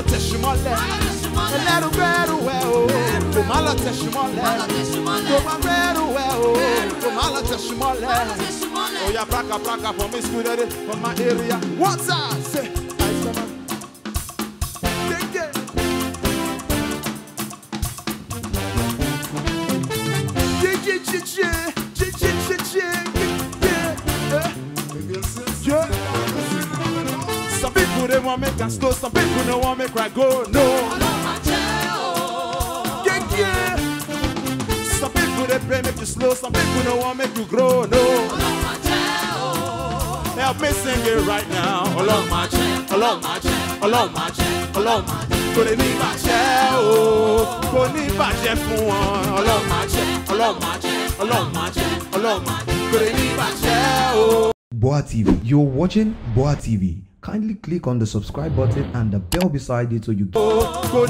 lọ tẹ̀sùmọ́lẹ̀ ẹlẹ́rú bẹ́rù ẹ̀ o kò má lọ tẹ̀sùmọ́lẹ̀ má bẹ́rù ẹ̀ o kò má lọ tẹ̀sùmọ́lẹ̀ oya braka braka for me school for my area what's up want me to slow, some people do want me cry go, no. Yeah, yeah. Some people they pray me to slow, some people do want me to grow, no. Help me sing it right now. Along my chain, along my chain, along my chain, along my Kò lè ní bàjẹ́ o, kò ní bàjẹ́ fún wọn. Ọlọ́run máa jẹ́, ọlọ́run máa jẹ́, ọlọ́run máa jẹ́, ọlọ́run máa jẹ́. Kò lè ní bàjẹ́ o. Boa TV. You're watching Boa TV kindly click on the subscribe button and the bell beside it so you oh,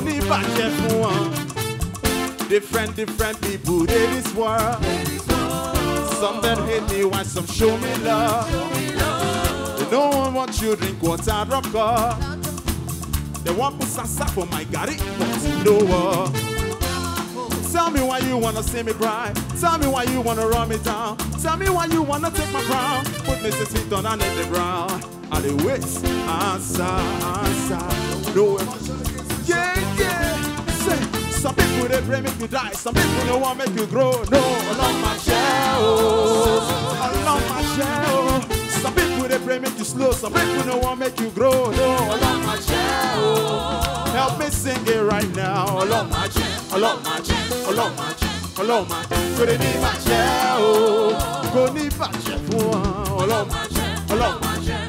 different different people in this world some that hate me why some show me love they no one want you drink water car. they want put sasa for my gari but no one tell me why you wanna see me cry tell me why you wanna run me down tell me why you wanna take my crown put me six feet on the ground I the wait, answer, answer. No way. Yeah, yeah. Say, some people they pray make you die, some people they want make you grow. No, along my shell, oh. along my shell. Oh. Some people they pray make you slow, some people they want make you grow. No, along my shell. Oh. Help me sing it right now. Along my shell, along my shell, along my shell. Ọlọ́run máa kò lè ní ìbàjẹ́ o kò ní ìbàjẹ́ fún wa Ọlọ́run ọlọ́run.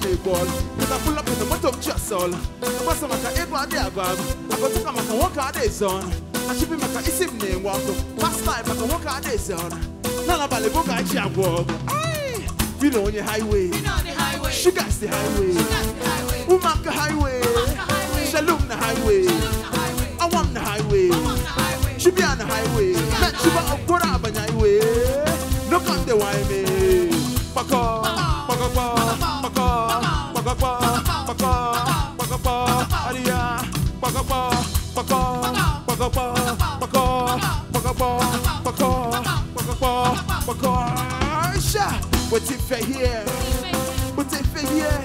pull up in the bottom a bag. I walk out zone. I name walk. walk out zone. book I walk. We know on the highway. We know the highway. She got the highway. She got the highway. the highway. Shalom the highway. I want the highway. I want the highway. She be on the highway. Let she be up for the highway. Look on the why me. Paka, paka, paka. But if you're here, but if you're here,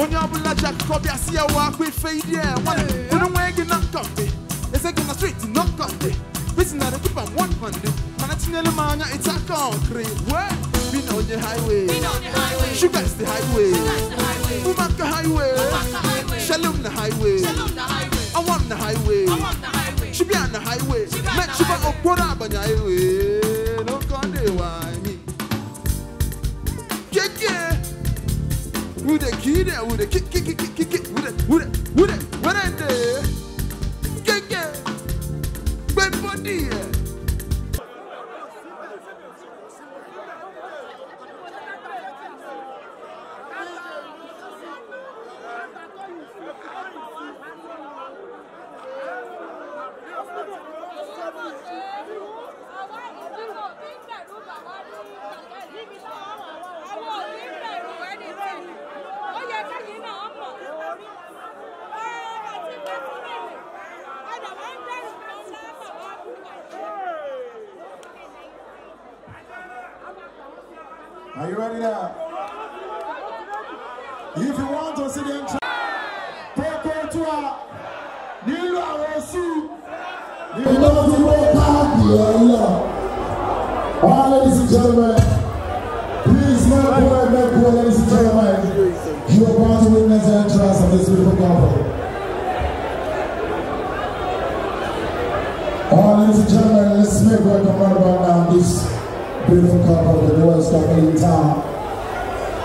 on your blood, Jack, copy, I see a walk with fade, yeah. One, you know, where you knock on it. It's like in the street, knock on it. not a keep on one hundred. And it's nearly man, it's a concrete. Where? We know the highway. Been on the highway. Sugar's the highway. Sugar's the highway. Umaka highway. Umaka highway. Shalom the highway. Shalom the highway. I'm on the highway. She be on the highway. Make she go up road up on the highway. No conde why me. Yeah yeah. With the key there, with the kick kick kick kick kick with the with the with the what I there. Yeah yeah. body. Yeah. Are you ready now? If you want to see the try, Poko Tua, Nilo Awosu, Nilo All ladies and gentlemen, please make be right back, poor ladies and gentlemen. You are about to witness the entrance of this beautiful couple. All ladies and gentlemen, let's make welcome about now this beautiful couple, the newest couple in town,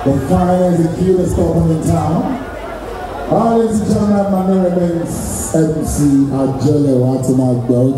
the finest and cutest couple in town. All ladies and gentlemen, my name is MC Ajele Watamak